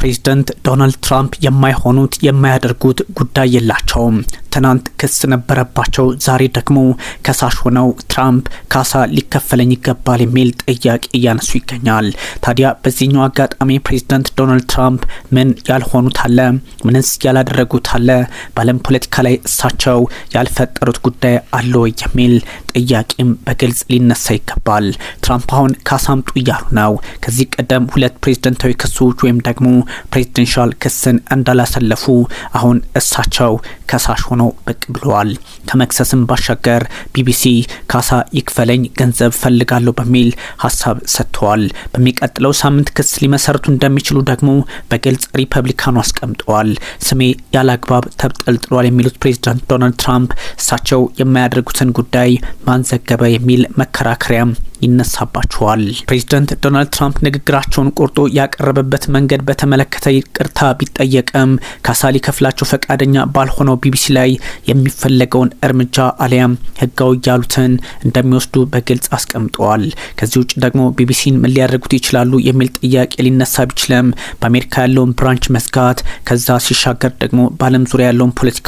ፕሬዚደንት ዶናልድ ትራምፕ የማይሆኑት የማያደርጉት ጉዳይ የላቸውም። ትናንት ክስ ነበረባቸው። ዛሬ ደግሞ ከሳሽ ሆነው ትራምፕ ካሳ ሊከፈለኝ ይገባል የሚል ጥያቄ እያነሱ ይገኛል። ታዲያ በዚህኛው አጋጣሚ ፕሬዚደንት ዶናልድ ትራምፕ ምን ያልሆኑት አለ? ምንስ ያላደረጉት አለ? በዓለም ፖለቲካ ላይ እሳቸው ያልፈጠሩት ጉዳይ አለ የሚል ጥያቄም በግልጽ ሊነሳ ይገባል። ትራምፕ አሁን ካሳ አምጡ እያሉ ነው። ከዚህ ቀደም ሁለት ፕሬዝደንታዊ ክሶች ወይም ደግሞ ፕሬዚደንሻል ክስን እንዳላሰለፉ አሁን እሳቸው ከሳሽ ሆነው ሆኖ ብቅ ብለዋል። ከመክሰስም ባሻገር ቢቢሲ ካሳ ይክፈለኝ ገንዘብ ፈልጋለሁ በሚል ሀሳብ ሰጥተዋል። በሚቀጥለው ሳምንት ክስ ሊመሰርቱ እንደሚችሉ ደግሞ በግልጽ ሪፐብሊካኑ አስቀምጠዋል። ስሜ ያለ አግባብ ተብጠልጥሏል የሚሉት ፕሬዚዳንት ዶናልድ ትራምፕ እሳቸው የማያደርጉትን ጉዳይ ማንዘገበ የሚል መከራከሪያም ይነሳባቸዋል። ፕሬዚደንት ዶናልድ ትራምፕ ንግግራቸውን ቆርጦ ያቀረበበት መንገድ በተመለከተ ይቅርታ ቢጠየቅም ካሳ ሊከፍላቸው ፈቃደኛ ባልሆነው ቢቢሲ ላይ የሚፈለገውን እርምጃ አሊያም ህጋዊ ያሉትን እንደሚወስዱ በግልጽ አስቀምጠዋል። ከዚህ ውጭ ደግሞ ቢቢሲን ምን ሊያደርጉት ይችላሉ የሚል ጥያቄ ሊነሳ ቢችልም በአሜሪካ ያለውን ብራንች መዝጋት ከዛ ሲሻገር ደግሞ በዓለም ዙሪያ ያለውን ፖለቲካ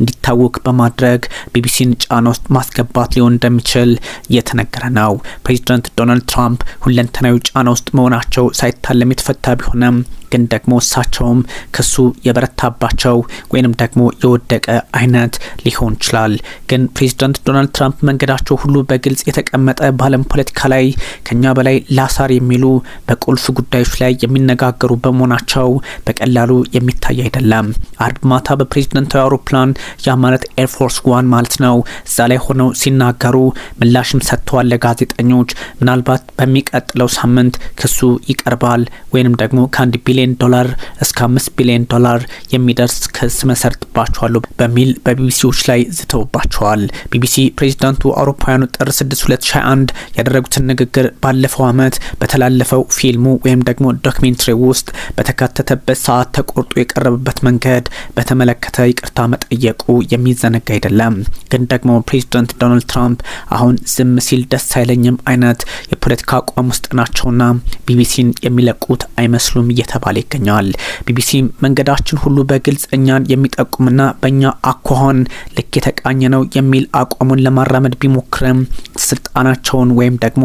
እንዲታወቅ በማድረግ ቢቢሲን ጫና ውስጥ ማስገባት ሊሆን እንደሚችል እየተነገረ ነው። ፕሬዚዳንት ዶናልድ ትራምፕ ሁለንተናዊ ጫና ውስጥ መሆናቸው ሳይታለም የተፈታ ቢሆንም ግን ደግሞ እሳቸውም ክሱ የበረታባቸው ወይንም ደግሞ የወደቀ አይነት ሊሆን ይችላል። ግን ፕሬዚዳንት ዶናልድ ትራምፕ መንገዳቸው ሁሉ በግልጽ የተቀመጠ በዓለም ፖለቲካ ላይ ከኛ በላይ ላሳር የሚሉ በቁልፍ ጉዳዮች ላይ የሚነጋገሩ በመሆናቸው በቀላሉ የሚታይ አይደለም። አርብ ማታ በፕሬዚደንታዊ አውሮፕላን ያ ማለት ኤርፎርስ ዋን ማለት ነው እዛ ላይ ሆነው ሲናገሩ ምላሽም ሰጥተዋል ለጋዜጠኞች ምናልባት በሚቀጥለው ሳምንት ክሱ ይቀርባል ወይንም ደግሞ ከአንድ ቢሊዮን ቢሊዮን ዶላር እስከ አምስት ቢሊዮን ዶላር የሚደርስ ክስ መሰርትባቸዋሉ በሚል በቢቢሲዎች ላይ ዝተውባቸዋል። ቢቢሲ ፕሬዚዳንቱ አውሮፓውያኑ ጥር 6 2021 ያደረጉትን ንግግር ባለፈው ዓመት በተላለፈው ፊልሙ ወይም ደግሞ ዶክሜንትሪ ውስጥ በተካተተበት ሰዓት ተቆርጦ የቀረበበት መንገድ በተመለከተ ይቅርታ መጠየቁ የሚዘነጋ አይደለም። ግን ደግሞ ፕሬዚዳንት ዶናልድ ትራምፕ አሁን ዝም ሲል ደስ አይለኝም አይነት የፖለቲካ አቋም ውስጥ ናቸውና ቢቢሲን የሚለቁት አይመስሉም እየተባለ እየተባለ ይገኛል። ቢቢሲ መንገዳችን ሁሉ በግልጽ እኛን የሚጠቁምና በእኛ አኳኋን ልክ የተቃኘ ነው የሚል አቋሙን ለማራመድ ቢሞክርም ስልጣናቸውን ወይም ደግሞ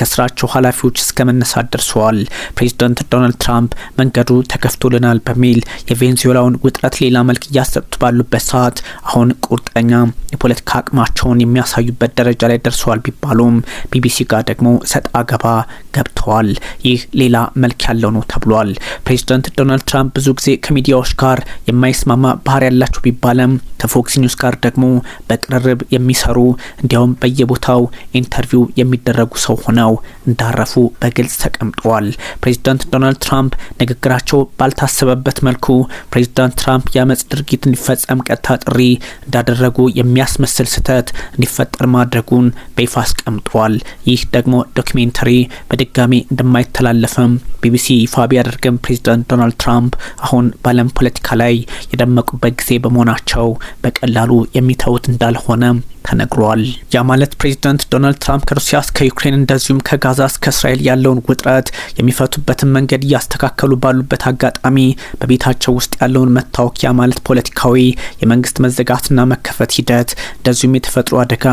ከስራቸው ኃላፊዎች እስከ መነሳት ደርሰዋል። ፕሬዚደንት ዶናልድ ትራምፕ መንገዱ ተከፍቶልናል በሚል የቬንዙዌላውን ውጥረት ሌላ መልክ እያሰጡት ባሉበት ሰዓት አሁን ቁርጠኛ የፖለቲካ አቅማቸውን የሚያሳዩበት ደረጃ ላይ ደርሰዋል ቢባሉም ቢቢሲ ጋር ደግሞ ሰጣ ገባ ገብተዋል። ይህ ሌላ መልክ ያለው ነው ተብሏል። ፕሬዚዳንት ዶናልድ ትራምፕ ብዙ ጊዜ ከሚዲያዎች ጋር የማይስማማ ባህሪ ያላቸው ቢባለም ከፎክስ ኒውስ ጋር ደግሞ በቅርርብ የሚሰሩ እንዲያውም በየቦታው ኢንተርቪው የሚደረጉ ሰው ሆነው እንዳረፉ በግልጽ ተቀምጠዋል። ፕሬዚዳንት ዶናልድ ትራምፕ ንግግራቸው ባልታሰበበት መልኩ ፕሬዚዳንት ትራምፕ የአመፅ ድርጊት እንዲፈጸም ቀጥታ ጥሪ እንዳደረጉ የሚያስመስል ስህተት እንዲፈጠር ማድረጉን በይፋ አስቀምጠዋል። ይህ ደግሞ ዶኪሜንተሪ በድጋሚ እንደማይተላለፍም ቢቢሲ ይፋ ቢያደርግም ፕሬዚዳንት ዶናልድ ትራምፕ አሁን በዓለም ፖለቲካ ላይ የደመቁበት ጊዜ በመሆናቸው በቀላሉ የሚተውት እንዳልሆነ ተነግሯል። ያ ማለት ፕሬዚዳንት ዶናልድ ትራምፕ ከሩሲያ እስከ ዩክሬን እንደዚሁም ከጋዛ እስከ እስራኤል ያለውን ውጥረት የሚፈቱበትን መንገድ እያስተካከሉ ባሉበት አጋጣሚ በቤታቸው ውስጥ ያለውን መታወክ ያ ማለት ፖለቲካዊ የመንግስት መዘጋትና መከፈት ሂደት እንደዚሁም የተፈጥሮ አደጋ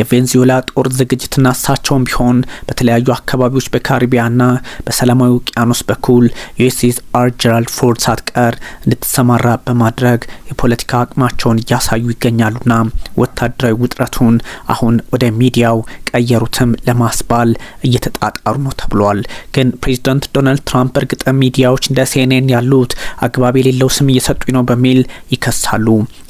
የቬንዙዌላ ጦር ዝግጅትና እሳቸውም ቢሆን በተለያዩ አካባቢዎች በካሪቢያና በሰላማዊ ውቅያኖስ በኩል ዩኤስ ሚሲስ አርጀራልድ ፎርድ ሳትቀር እንድትሰማራ በማድረግ የፖለቲካ አቅማቸውን እያሳዩ ይገኛሉና ወታደራዊ ውጥረቱን አሁን ወደ ሚዲያው ቀየሩትም ለማስባል እየተጣጣሩ ነው ተብሏል። ግን ፕሬዚዳንት ዶናልድ ትራምፕ እርግጥም ሚዲያዎች እንደ ሲኤንኤን ያሉት አግባብ የሌለው ስም እየሰጡኝ ነው በሚል ይከሳሉ።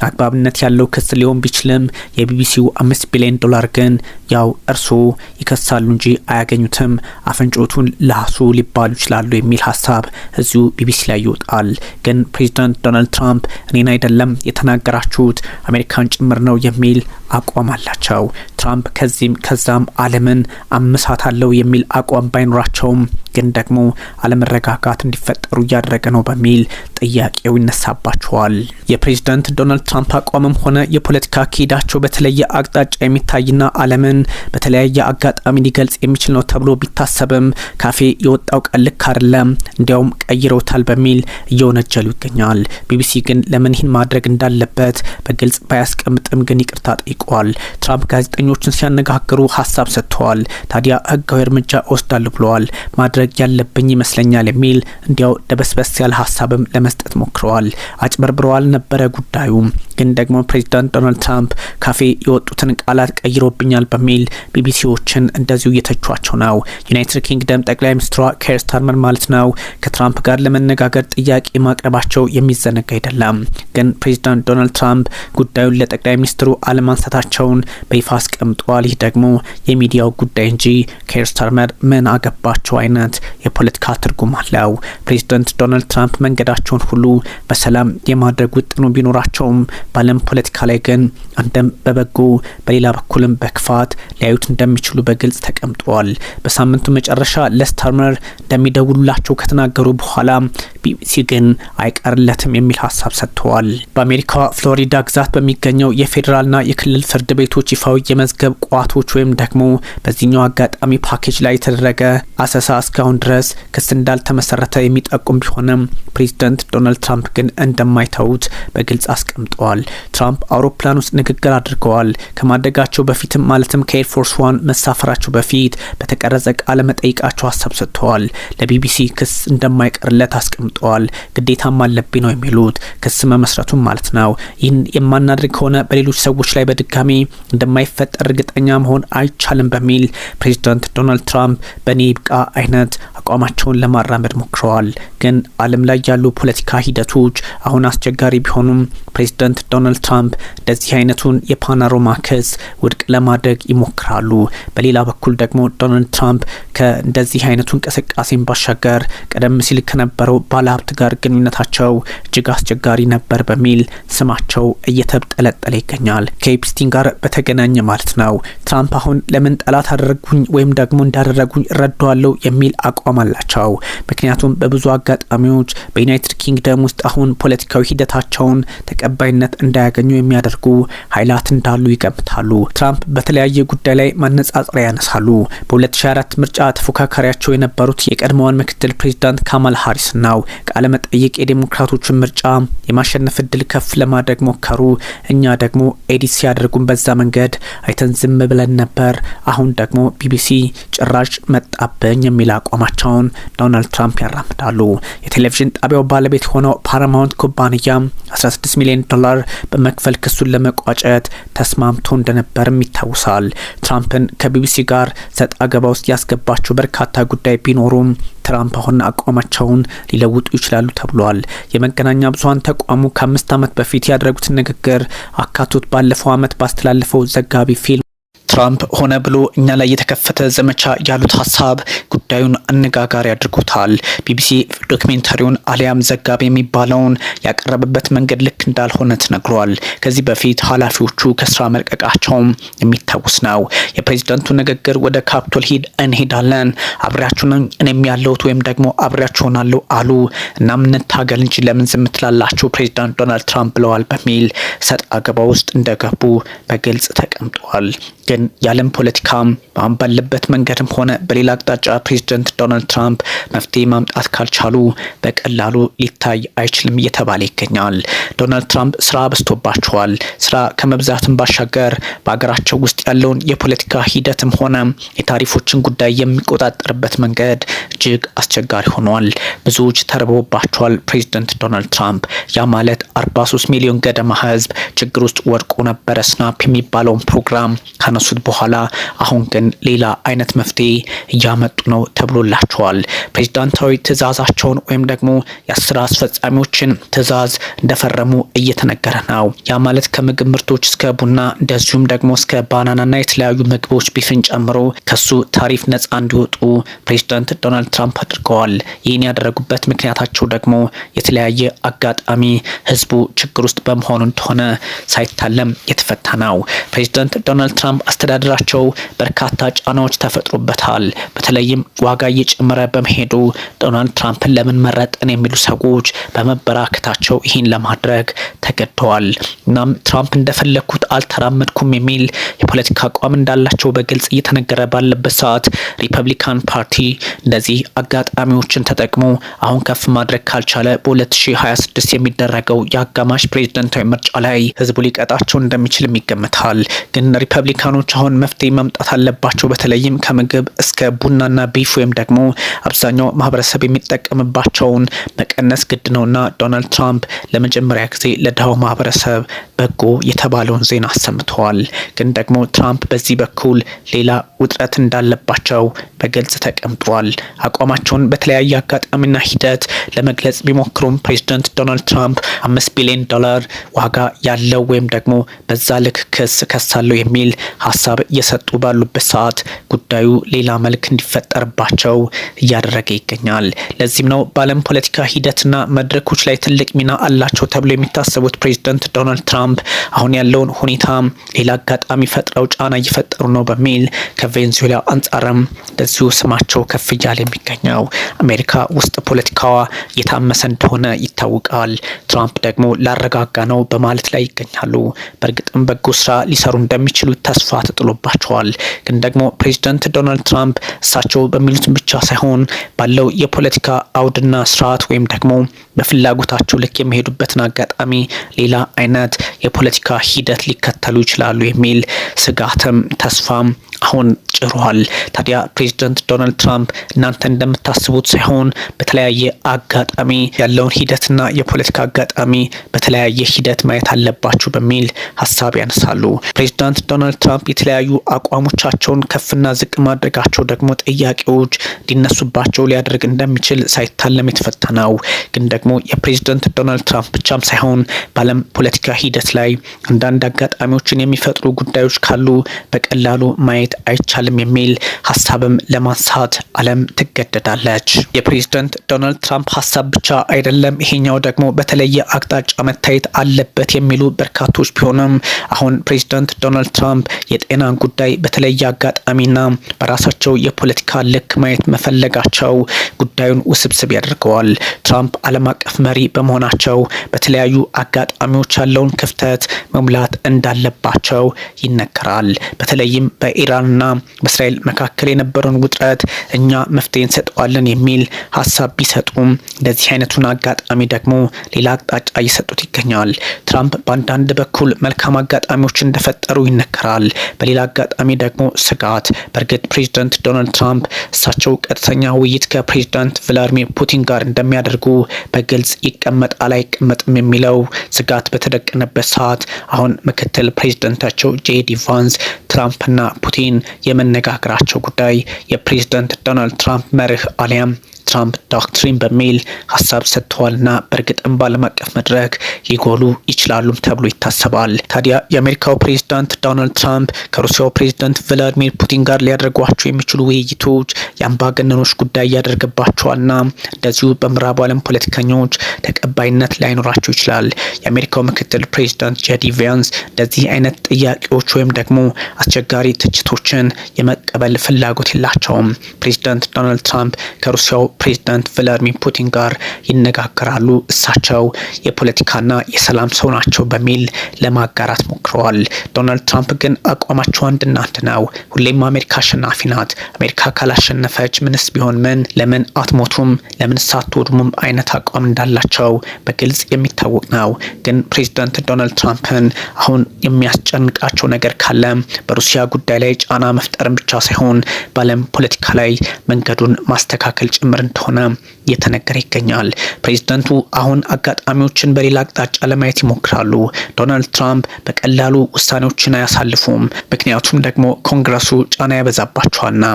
አግባብነት ያለው ክስ ሊሆን ቢችልም የቢቢሲው አምስት ቢሊዮን ዶላር ግን ያው እርስዎ ይከሳሉ እንጂ አያገኙትም፣ አፍንጮቱን ላሱ ሊባሉ ይችላሉ የሚል ሀሳብ እዚሁ ቢቢሲ ላይ ይወጣል። ግን ፕሬዚዳንት ዶናልድ ትራምፕ እኔን አይደለም የተናገራችሁት አሜሪካን ጭምር ነው የሚል አቋም አላቸው። ትራምፕ ከዚህም ከዛ ሰላም ዓለምን አመሳታለሁ የሚል አቋም ባይኖራቸውም ግን ደግሞ አለመረጋጋት እንዲፈጠሩ እያደረገ ነው በሚል ጥያቄው ይነሳባቸዋል። የፕሬዝዳንት ዶናልድ ትራምፕ አቋምም ሆነ የፖለቲካ አካሄዳቸው በተለየ አቅጣጫ የሚታይና ዓለምን በተለያየ አጋጣሚ ሊገልጽ የሚችል ነው ተብሎ ቢታሰብም ካፌ የወጣው ቀን ልክ አይደለም፣ እንዲያውም ቀይረውታል በሚል እየወነጀሉ ይገኛል። ቢቢሲ ግን ለምን ይህን ማድረግ እንዳለበት በግልጽ ባያስቀምጥም ግን ይቅርታ ጠይቋል። ትራምፕ ጋዜጠኞችን ሲያነጋግሩ ሀሳብ ሰጥተዋል። ታዲያ ህጋዊ እርምጃ እወስዳለሁ ብለዋል። ማድረግ ያለብኝ ይመስለኛል የሚል እንዲያው ደበስበስ ያለ ሀሳብም ለመ ለመስጠት ሞክረዋል። አጭበርብረዋል ነበረ ጉዳዩ ግን ደግሞ ፕሬዚዳንት ዶናልድ ትራምፕ ካፌ የወጡትን ቃላት ቀይሮብኛል በሚል ቢቢሲዎችን እንደዚሁ እየተቿቸው ነው። ዩናይትድ ኪንግደም ጠቅላይ ሚኒስትሯ ኬር ስታርመር ማለት ነው ከትራምፕ ጋር ለመነጋገር ጥያቄ ማቅረባቸው የሚዘነጋ አይደለም። ግን ፕሬዚዳንት ዶናልድ ትራምፕ ጉዳዩን ለጠቅላይ ሚኒስትሩ አለማንሳታቸውን በይፋ አስቀምጠዋል። ይህ ደግሞ የሚዲያው ጉዳይ እንጂ ኬር ስታርመር ምን አገባቸው አይነት የፖለቲካ ትርጉም አለው። ፕሬዚዳንት ዶናልድ ትራምፕ መንገዳቸው ያላቸውን ሁሉ በሰላም የማድረግ ውጥኑ ቢኖራቸውም በዓለም ፖለቲካ ላይ ግን አንድም በበጎ በሌላ በኩልም በክፋት ሊያዩት እንደሚችሉ በግልጽ ተቀምጠዋል። በሳምንቱ መጨረሻ ለስታርመር እንደሚደውሉላቸው ከተናገሩ በኋላ ቢቢሲ ግን አይቀርለትም የሚል ሀሳብ ሰጥተዋል። በአሜሪካ ፍሎሪዳ ግዛት በሚገኘው የፌዴራልና የክልል ፍርድ ቤቶች ይፋዊ የመዝገብ ቋቶች ወይም ደግሞ በዚህኛው አጋጣሚ ፓኬጅ ላይ የተደረገ አሰሳ እስካሁን ድረስ ክስ እንዳልተመሰረተ የሚጠቁም ቢሆንም ፕሬዚደንት ዶናልድ ትራምፕ ግን እንደማይተዉት በግልጽ አስቀምጠዋል። ትራምፕ አውሮፕላን ውስጥ ንግግር አድርገዋል። ከማደጋቸው በፊትም ማለትም ከኤርፎርስ ዋን መሳፈራቸው በፊት በተቀረጸ ቃለ መጠይቃቸው ሀሳብ ሰጥተዋል። ለቢቢሲ ክስ እንደማይቀርለት አስቀምጠዋል። ግዴታም አለብኝ ነው የሚሉት ክስ መመስረቱን ማለት ነው። ይህን የማናደርግ ከሆነ በሌሎች ሰዎች ላይ በድጋሚ እንደማይፈጠር እርግጠኛ መሆን አይቻልም በሚል ፕሬዚዳንት ዶናልድ ትራምፕ በእኔ ይብቃ አይነት አቋማቸውን ለማራመድ ሞክረዋል። ግን ዓለም ላይ ያሉ የፖለቲካ ሂደቶች አሁን አስቸጋሪ ቢሆኑም ፕሬዚደንት ዶናልድ ትራምፕ እንደዚህ አይነቱን የፓናሮማ ክስ ውድቅ ለማድረግ ይሞክራሉ። በሌላ በኩል ደግሞ ዶናልድ ትራምፕ ከእንደዚህ አይነቱ እንቅስቃሴን ባሻገር ቀደም ሲል ከነበረው ባለሀብት ጋር ግንኙነታቸው እጅግ አስቸጋሪ ነበር በሚል ስማቸው እየተብጠለጠለ ይገኛል። ከኤፕስቲን ጋር በተገናኘ ማለት ነው። ትራምፕ አሁን ለምን ጠላት አደረጉኝ ወይም ደግሞ እንዳደረጉኝ እረዳዋለሁ የሚል አቋም አላቸው። ምክንያቱም በብዙ አጋጣሚዎች በዩናይትድ ኪንግደም ውስጥ አሁን ፖለቲካዊ ሂደታቸውን ተቀባይነት እንዳያገኙ የሚያደርጉ ኃይላት እንዳሉ ይገምታሉ። ትራምፕ በተለያየ ጉዳይ ላይ ማነጻጸሪያ ያነሳሉ። በ2024 ምርጫ ተፎካካሪያቸው የነበሩት የቀድሞዋን ምክትል ፕሬዚዳንት ካማል ሀሪስ ናው ቃለ መጠይቅ የዴሞክራቶችን ምርጫ የማሸነፍ እድል ከፍ ለማድረግ ሞከሩ። እኛ ደግሞ ኤዲት ሲያደርጉን በዛ መንገድ አይተን ዝም ብለን ነበር። አሁን ደግሞ ቢቢሲ ጭራሽ መጣብኝ የሚል አቋማቸውን ዶናልድ ትራምፕ ያራምዳሉ። የቴሌቪዥን ጣቢያው ባለቤት ባለቤት ሆነው ፓራማውንት ኩባንያ 16 ሚሊዮን ዶላር በመክፈል ክሱን ለመቋጨት ተስማምቶ እንደነበርም ይታወሳል። ትራምፕን ከቢቢሲ ጋር ሰጥ አገባ ውስጥ ያስገባቸው በርካታ ጉዳይ ቢኖሩም ትራምፕ አሁን አቋማቸውን ሊለውጡ ይችላሉ ተብሏል። የመገናኛ ብዙሀን ተቋሙ ከአምስት ዓመት በፊት ያደረጉትን ንግግር አካቶት ባለፈው ዓመት ባስተላለፈው ዘጋቢ ፊልም ትራምፕ ሆነ ብሎ እኛ ላይ የተከፈተ ዘመቻ ያሉት ሀሳብ ጉዳዩን አነጋጋሪ አድርጎታል። ቢቢሲ ዶክሜንታሪውን አሊያም ዘጋቢ የሚባለውን ያቀረበበት መንገድ ልክ እንዳልሆነ ተነግሯል። ከዚህ በፊት ኃላፊዎቹ ከስራ መልቀቃቸውም የሚታወስ ነው። የፕሬዚዳንቱ ንግግር ወደ ካፕቶል ሂድ እንሄዳለን፣ አብሬያችሁ ነኝ እኔም ያለሁት ወይም ደግሞ አብሬያችሁ ሆናለሁ አሉ። እናም እንታገል እንጂ ለምን ዝም ትላላችሁ ፕሬዚዳንት ዶናልድ ትራምፕ ብለዋል በሚል ሰጥ አገባ ውስጥ እንደገቡ በግልጽ ተቀምጠዋል። ግን የዓለም ፖለቲካም በአሁን ባለበት መንገድም ሆነ በሌላ አቅጣጫ ፕሬዚደንት ዶናልድ ትራምፕ መፍትሄ ማምጣት ካልቻሉ በቀላሉ ሊታይ አይችልም እየተባለ ይገኛል። ዶናልድ ትራምፕ ስራ በዝቶባቸዋል። ስራ ከመብዛትም ባሻገር በሀገራቸው ውስጥ ያለውን የፖለቲካ ሂደትም ሆነ የታሪፎችን ጉዳይ የሚቆጣጠርበት መንገድ እጅግ አስቸጋሪ ሆኗል። ብዙዎች ተርበውባቸዋል ፕሬዚደንት ዶናልድ ትራምፕ። ያ ማለት 43 ሚሊዮን ገደማ ህዝብ ችግር ውስጥ ወድቆ ነበረ ስናፕ የሚባለውን ፕሮግራም ካነሱ ከተመለሱት በኋላ አሁን ግን ሌላ አይነት መፍትሄ እያመጡ ነው ተብሎላቸዋል። ፕሬዚዳንታዊ ትእዛዛቸውን ወይም ደግሞ የስራ አስፈጻሚዎችን ትእዛዝ እንደፈረሙ እየተነገረ ነው። ያ ማለት ከምግብ ምርቶች እስከ ቡና እንደዚሁም ደግሞ እስከ ባናናና የተለያዩ ምግቦች ቢፍን ጨምሮ ከሱ ታሪፍ ነጻ እንዲወጡ ፕሬዚዳንት ዶናልድ ትራምፕ አድርገዋል። ይህን ያደረጉበት ምክንያታቸው ደግሞ የተለያየ አጋጣሚ ህዝቡ ችግር ውስጥ በመሆኑ እንደሆነ ሳይታለም የተፈታ ነው። ፕሬዚዳንት ዶናልድ ትራምፕ አስተዳደራቸው በርካታ ጫናዎች ተፈጥሮበታል። በተለይም ዋጋ እየጨመረ በመሄዱ ዶናልድ ትራምፕን ለምን መረጠን የሚሉ ሰዎች በመበራከታቸው ይህን ለማድረግ ተገደዋል። እናም ትራምፕ እንደፈለግኩት አልተራመድኩም የሚል የፖለቲካ አቋም እንዳላቸው በግልጽ እየተነገረ ባለበት ሰዓት ሪፐብሊካን ፓርቲ እንደዚህ አጋጣሚዎችን ተጠቅሞ አሁን ከፍ ማድረግ ካልቻለ በ2026 የሚደረገው የአጋማሽ ፕሬዝደንታዊ ምርጫ ላይ ህዝቡ ሊቀጣቸው እንደሚችልም ይገምታል። ግን ሪፐብሊካኖች ችግሮች አሁን መፍትሄ መምጣት አለባቸው። በተለይም ከምግብ እስከ ቡናና ቢፍ ወይም ደግሞ አብዛኛው ማህበረሰብ የሚጠቀምባቸውን መቀነስ ግድ ነውና ዶናልድ ትራምፕ ለመጀመሪያ ጊዜ ለድሃው ማህበረሰብ በጎ የተባለውን ዜና አሰምተዋል። ግን ደግሞ ትራምፕ በዚህ በኩል ሌላ ውጥረት እንዳለባቸው በግልጽ ተቀምጧል። አቋማቸውን በተለያየ አጋጣሚና ሂደት ለመግለጽ ቢሞክሩም ፕሬዚደንት ዶናልድ ትራምፕ አምስት ቢሊዮን ዶላር ዋጋ ያለው ወይም ደግሞ በዛ ልክ ክስ ከሳለው የሚል ሀሳብ እየሰጡ ባሉበት ሰዓት ጉዳዩ ሌላ መልክ እንዲፈጠርባቸው እያደረገ ይገኛል። ለዚህም ነው በዓለም ፖለቲካ ሂደትና መድረኮች ላይ ትልቅ ሚና አላቸው ተብሎ የሚታሰቡት ፕሬዚደንት ዶናልድ ትራምፕ አሁን ያለውን ሁኔታ ሌላ አጋጣሚ ፈጥረው ጫና እየፈጠሩ ነው በሚል ከቬንዙዌላ አንጻርም እንደዚሁ ስማቸው ከፍ እያለ የሚገኘው አሜሪካ ውስጥ ፖለቲካዋ የታመሰ እንደሆነ ይታወቃል። ትራምፕ ደግሞ ላረጋጋ ነው በማለት ላይ ይገኛሉ። በእርግጥም በጎ ስራ ሊሰሩ እንደሚችሉ ተስፋ ተጥሎባቸዋል። ግን ደግሞ ፕሬዚደንት ዶናልድ ትራምፕ እሳቸው በሚሉት ብቻ ሳይሆን ባለው የፖለቲካ አውድና ስርዓት ወይም ደግሞ በፍላጎታቸው ልክ የሚሄዱበትን አጋጣሚ ሌላ አይነት የፖለቲካ ሂደት ሊከተሉ ይችላሉ የሚል ስጋትም ተስፋም አሁን ጭሯል። ታዲያ ፕሬዚደንት ዶናልድ ትራምፕ እናንተ እንደምታስቡት ሳይሆን በተለያየ አጋጣሚ ያለውን ሂደትና የፖለቲካ አጋጣሚ በተለያየ ሂደት ማየት አለባችሁ በሚል ሀሳብ ያነሳሉ። ፕሬዚዳንት ዶናልድ ትራምፕ የተለያዩ አቋሞቻቸውን ከፍና ዝቅ ማድረጋቸው ደግሞ ጥያቄዎች ሊነሱባቸው ሊያደርግ እንደሚችል ሳይታለም የተፈታ ነው። ግን ደግሞ የፕሬዚደንት ዶናልድ ትራምፕ ብቻም ሳይሆን በዓለም ፖለቲካ ሂደት ላይ አንዳንድ አጋጣሚዎችን የሚፈጥሩ ጉዳዮች ካሉ በቀላሉ ማየት ማየት አይቻልም የሚል ሀሳብም ለማንሳት ዓለም ትገደዳለች። የፕሬዝደንት ዶናልድ ትራምፕ ሀሳብ ብቻ አይደለም፣ ይሄኛው ደግሞ በተለየ አቅጣጫ መታየት አለበት የሚሉ በርካቶች ቢሆንም አሁን ፕሬዝደንት ዶናልድ ትራምፕ የጤና ጉዳይ በተለየ አጋጣሚና በራሳቸው የፖለቲካ ልክ ማየት መፈለጋቸው ጉዳዩን ውስብስብ ያደርገዋል። ትራምፕ ዓለም አቀፍ መሪ በመሆናቸው በተለያዩ አጋጣሚዎች ያለውን ክፍተት መሙላት እንዳለባቸው ይነገራል። በተለይም በኢራን በኢራንና በእስራኤል መካከል የነበረውን ውጥረት እኛ መፍትሄ እንሰጠዋለን የሚል ሀሳብ ቢሰጡም እንደዚህ አይነቱን አጋጣሚ ደግሞ ሌላ አቅጣጫ እየሰጡት ይገኛል። ትራምፕ በአንዳንድ በኩል መልካም አጋጣሚዎች እንደፈጠሩ ይነገራል፣ በሌላ አጋጣሚ ደግሞ ስጋት። በእርግጥ ፕሬዚደንት ዶናልድ ትራምፕ እሳቸው ቀጥተኛ ውይይት ከፕሬዚዳንት ቭላዲሚር ፑቲን ጋር እንደሚያደርጉ በግልጽ ይቀመጣል አይቀመጥም የሚለው ስጋት በተደቀነበት ሰዓት አሁን ምክትል ፕሬዚደንታቸው ጄዲ ቫንስ ትራምፕና ፑቲን የመነጋገራቸው ጉዳይ የፕሬዝደንት ዶናልድ ትራምፕ መርህ አሊያም ትራምፕ ዶክትሪን በሚል ሀሳብ ሰጥተዋልና በእርግጥም በዓለም አቀፍ መድረክ ሊጎሉ ይችላሉም ተብሎ ይታሰባል። ታዲያ የአሜሪካው ፕሬዚዳንት ዶናልድ ትራምፕ ከሩሲያው ፕሬዚዳንት ቭላዲሚር ፑቲን ጋር ሊያደርጓቸው የሚችሉ ውይይቶች የአምባገነኖች ጉዳይ እያደረገባቸዋልና እንደዚሁ በምዕራቡ ዓለም ፖለቲከኞች ተቀባይነት ላይኖራቸው ይችላል። የአሜሪካው ምክትል ፕሬዚዳንት ጄዲ ቪያንስ እንደዚህ አይነት ጥያቄዎች ወይም ደግሞ አስቸጋሪ ትችቶችን የመቀበል ፍላጎት የላቸውም። ፕሬዚዳንት ዶናልድ ትራምፕ ከሩሲያው ፕሬዚዳንት ቭላድሚር ፑቲን ጋር ይነጋገራሉ። እሳቸው የፖለቲካና የሰላም ሰው ናቸው በሚል ለማጋራት ሞክረዋል። ዶናልድ ትራምፕ ግን አቋማቸው አንድና አንድ ነው። ሁሌም አሜሪካ አሸናፊ ናት። አሜሪካ ካላሸነፈች ምንስ ቢሆን ምን፣ ለምን አትሞቱም፣ ለምን ሳትወድሙም አይነት አቋም እንዳላቸው በግልጽ የሚታወቅ ነው። ግን ፕሬዚዳንት ዶናልድ ትራምፕን አሁን የሚያስጨንቃቸው ነገር ካለ በሩሲያ ጉዳይ ላይ ጫና መፍጠርን ብቻ ሳይሆን በዓለም ፖለቲካ ላይ መንገዱን ማስተካከል ጭምር کنم እየተነገረ ይገኛል። ፕሬዚዳንቱ አሁን አጋጣሚዎችን በሌላ አቅጣጫ ለማየት ይሞክራሉ። ዶናልድ ትራምፕ በቀላሉ ውሳኔዎችን አያሳልፉም፣ ምክንያቱም ደግሞ ኮንግረሱ ጫና ያበዛባቸዋልና።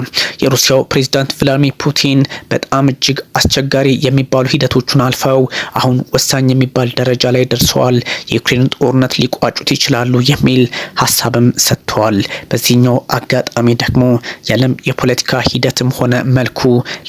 የሩሲያው ፕሬዚዳንት ቭላድሚር ፑቲን በጣም እጅግ አስቸጋሪ የሚባሉ ሂደቶቹን አልፈው አሁን ወሳኝ የሚባል ደረጃ ላይ ደርሰዋል። የዩክሬን ጦርነት ሊቋጩት ይችላሉ የሚል ሀሳብም ሰጥተዋል። በዚህኛው አጋጣሚ ደግሞ የዓለም የፖለቲካ ሂደትም ሆነ መልኩ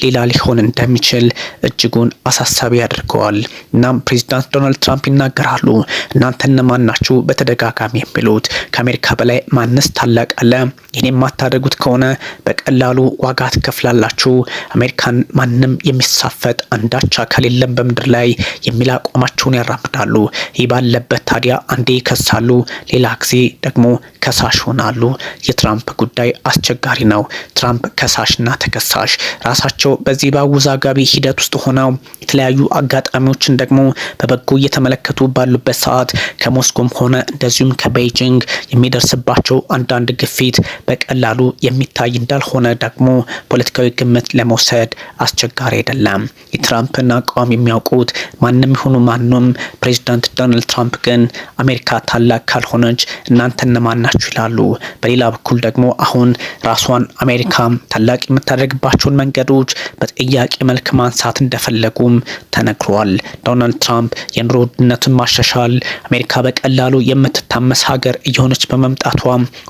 ሌላ ሊሆን እንደሚችል እጅጉን አሳሳቢ ያደርገዋል። እናም ፕሬዚዳንት ዶናልድ ትራምፕ ይናገራሉ። እናንተ እነማን ናችሁ በተደጋጋሚ የሚሉት ከአሜሪካ በላይ ማንስ ታላቅ አለ? ይህን የማታደርጉት ከሆነ በቀላሉ ዋጋ ትከፍላላችሁ። አሜሪካን ማንም የሚሳፈጥ አንዳች አካል የለም በምድር ላይ የሚል አቋማቸውን ያራምዳሉ። ይህ ባለበት ታዲያ አንዴ ይከሳሉ፣ ሌላ ጊዜ ደግሞ ከሳሽ ሆናሉ። የትራምፕ ጉዳይ አስቸጋሪ ነው። ትራምፕ ከሳሽና ተከሳሽ ራሳቸው በዚህ በአወዛጋቢ ሂደት ውስጥ ሆነው የተለያዩ አጋጣሚዎችን ደግሞ በበጎ እየተመለከቱ ባሉበት ሰዓት ከሞስኮም ሆነ እንደዚሁም ከቤይጂንግ የሚደርስባቸው አንዳንድ ግፊት በቀላሉ የሚታይ እንዳልሆነ ደግሞ ፖለቲካዊ ግምት ለመውሰድ አስቸጋሪ አይደለም። የትራምፕን አቋም የሚያውቁት ማንም ይሁኑ ማንም፣ ፕሬዚዳንት ዶናልድ ትራምፕ ግን አሜሪካ ታላቅ ካልሆነች እናንተ እነማን ናችሁ ይላሉ። በሌላ በኩል ደግሞ አሁን ራሷን አሜሪካ ታላቅ የምታደርግባቸውን መንገዶች በጥያቄ መልክ ማንሳት እንደፈለጉም ተነግሯል። ዶናልድ ትራምፕ የኑሮ ውድነቱን ማሻሻል አሜሪካ በቀላሉ የምትታመስ ሀገር እየሆነች በመምጣቷ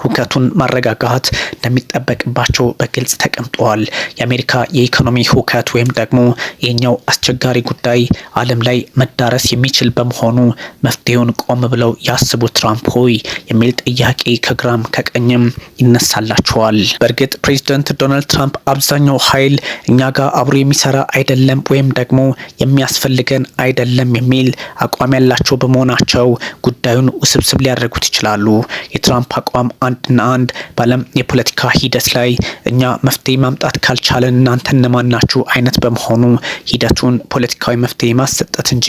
ሁከቱን ማረጋጋት መዋጋት እንደሚጠበቅባቸው በግልጽ ተቀምጠዋል። የአሜሪካ የኢኮኖሚ ሁከት ወይም ደግሞ ይህኛው አስቸጋሪ ጉዳይ ዓለም ላይ መዳረስ የሚችል በመሆኑ መፍትሄውን ቆም ብለው ያስቡ ትራምፕ ሆይ የሚል ጥያቄ ከግራም ከቀኝም ይነሳላቸዋል። በእርግጥ ፕሬዚደንት ዶናልድ ትራምፕ አብዛኛው ኃይል እኛ ጋር አብሮ የሚሰራ አይደለም ወይም ደግሞ የሚያስፈልገን አይደለም የሚል አቋም ያላቸው በመሆናቸው ጉዳዩን ውስብስብ ሊያደርጉት ይችላሉ። የትራምፕ አቋም አንድና አንድ ባለ ዓለም የፖለቲካ ሂደት ላይ እኛ መፍትሄ ማምጣት ካልቻለን እናንተ እነማን ናችሁ አይነት በመሆኑ ሂደቱን ፖለቲካዊ መፍትሄ ማሰጠት እንጂ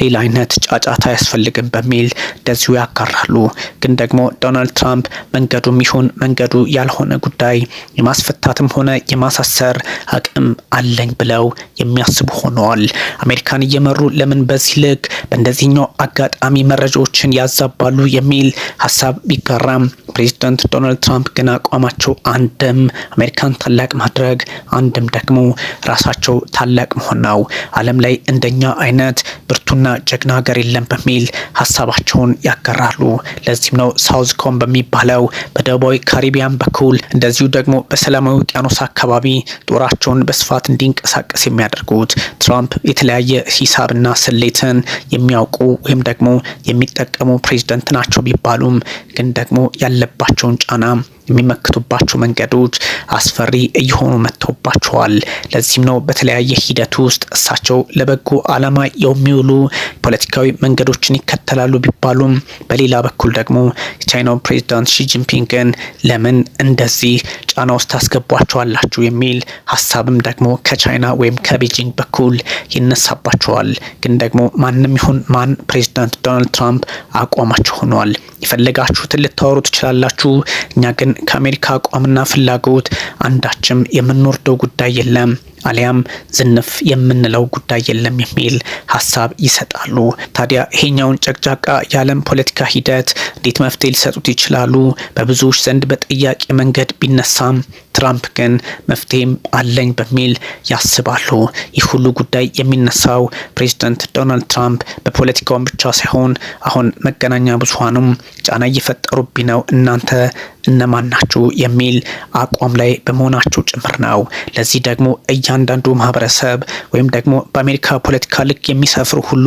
ሌላ አይነት ጫጫታ አያስፈልግም በሚል እንደዚሁ ያጋራሉ። ግን ደግሞ ዶናልድ ትራምፕ መንገዱም ይሁን መንገዱ ያልሆነ ጉዳይ የማስፈታትም ሆነ የማሳሰር አቅም አለኝ ብለው የሚያስቡ ሆነዋል። አሜሪካን እየመሩ ለምን በዚህ ልክ በእንደዚህኛው አጋጣሚ መረጃዎችን ያዛባሉ የሚል ሀሳብ ቢጋራም ፕሬዚዳንት ዶናልድ ትራምፕ ግን ግን አቋማቸው አንድም አሜሪካን ታላቅ ማድረግ አንድም ደግሞ ራሳቸው ታላቅ መሆን ነው። ዓለም ላይ እንደኛ አይነት ብርቱና ጀግና ሀገር የለም በሚል ሀሳባቸውን ያጋራሉ። ለዚህም ነው ሳውዝኮም በሚባለው በደቡባዊ ካሪቢያን በኩል እንደዚሁ ደግሞ በሰላማዊ ውቅያኖስ አካባቢ ጦራቸውን በስፋት እንዲንቀሳቀስ የሚያደርጉት። ትራምፕ የተለያየ ሂሳብና ስሌትን የሚያውቁ ወይም ደግሞ የሚጠቀሙ ፕሬዚደንት ናቸው ቢባሉም ግን ደግሞ ያለባቸውን ጫና የሚመክቱባቸው መንገዶች አስፈሪ እየሆኑ መጥተውባቸዋል። ለዚህም ነው በተለያየ ሂደት ውስጥ እሳቸው ለበጎ ዓላማ የሚውሉ ፖለቲካዊ መንገዶችን ይከተላሉ ቢባሉም በሌላ በኩል ደግሞ የቻይናው ፕሬዚዳንት ሺጂንፒንግን ለምን እንደዚህ ጫና ውስጥ ታስገቧቸዋላችሁ የሚል ሀሳብም ደግሞ ከቻይና ወይም ከቤጂንግ በኩል ይነሳባቸዋል። ግን ደግሞ ማንም ይሁን ማን ፕሬዚዳንት ዶናልድ ትራምፕ አቋማቸው ሆኗል። የፈለጋችሁትን ልታወሩ ትችላላችሁ፣ እኛ ግን ከአሜሪካ አቋምና ፍላጎት አንዳችም የምንወርደው ጉዳይ የለም። አሊያም ዝንፍ የምንለው ጉዳይ የለም የሚል ሀሳብ ይሰጣሉ። ታዲያ ይሄኛውን ጨቅጫቃ የዓለም ፖለቲካ ሂደት እንዴት መፍትሄ ሊሰጡት ይችላሉ? በብዙዎች ዘንድ በጥያቄ መንገድ ቢነሳም ትራምፕ ግን መፍትሄም አለኝ በሚል ያስባሉ። ይህ ሁሉ ጉዳይ የሚነሳው ፕሬዚደንት ዶናልድ ትራምፕ በፖለቲካውን ብቻ ሳይሆን አሁን መገናኛ ብዙሀኑም ጫና እየፈጠሩብኝ ነው እናንተ እነማን ናችሁ የሚል አቋም ላይ በመሆናቸው ጭምር ነው። ለዚህ ደግሞ እያ እያንዳንዱ ማህበረሰብ ወይም ደግሞ በአሜሪካ ፖለቲካ ልክ የሚሰፍር ሁሉ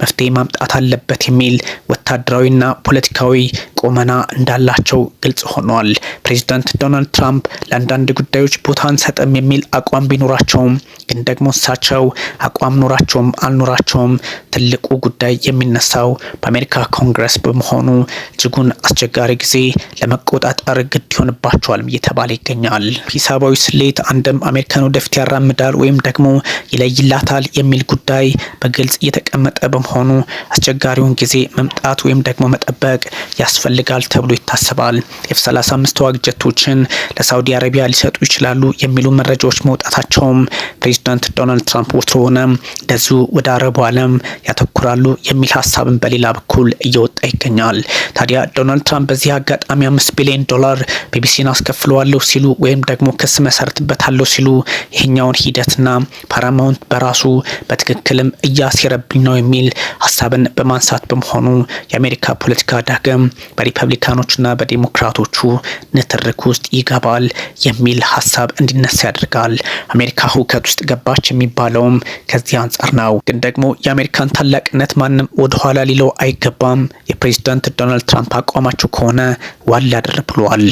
መፍትሄ ማምጣት አለበት የሚል ወታደራዊና ፖለቲካዊ ቁመና እንዳላቸው ግልጽ ሆኗል። ፕሬዚዳንት ዶናልድ ትራምፕ ለአንዳንድ ጉዳዮች ቦታ አንሰጥም የሚል አቋም ቢኖራቸውም ግን ደግሞ እሳቸው አቋም ኖራቸውም አልኖራቸውም ትልቁ ጉዳይ የሚነሳው በአሜሪካ ኮንግረስ በመሆኑ እጅጉን አስቸጋሪ ጊዜ ለመቆጣጠር ግድ ይሆንባቸዋል እየተባለ ይገኛል። ሂሳባዊ ስሌት አንድም አሜሪካን ወደፊት ያራምዳል ወይም ደግሞ ይለይላታል የሚል ጉዳይ በግልጽ እየተቀመጠ በመሆኑ አስቸጋሪውን ጊዜ መምጣት ወይም ደግሞ መጠበቅ ያስፈ ይፈልጋል ተብሎ ይታሰባል። ኤፍ 35 ተዋጊ ጀቶችን ለሳውዲ አረቢያ ሊሰጡ ይችላሉ የሚሉ መረጃዎች መውጣታቸውም ፕሬዚዳንት ዶናልድ ትራምፕ ወትሮ ሆነ እንደዚሁ ወደ አረቡ ዓለም ያተኩራሉ የሚል ሀሳብን በሌላ በኩል እየወጣ ይገኛል። ታዲያ ዶናልድ ትራምፕ በዚህ አጋጣሚ አምስት ቢሊዮን ዶላር ቢቢሲን አስከፍለዋለሁ ሲሉ ወይም ደግሞ ክስ መሰረትበታለሁ ሲሉ ይህኛውን ሂደትና ፓራማውንት በራሱ በትክክልም እያሴረብኝ ነው የሚል ሀሳብን በማንሳት በመሆኑ የአሜሪካ ፖለቲካ ዳግም በሪፐብሊካኖችና በዴሞክራቶቹ ንትርክ ውስጥ ይገባል የሚል ሀሳብ እንዲነሳ ያደርጋል። አሜሪካ ሁከት ውስጥ ገባች የሚባለውም ከዚህ አንጻር ነው። ግን ደግሞ የአሜሪካን ታላቅነት ማንም ወደኋላ ሊለው አይገባም። የፕሬዚዳንት ዶናልድ ትራምፕ አቋማቸው ከሆነ ዋል ብሏል።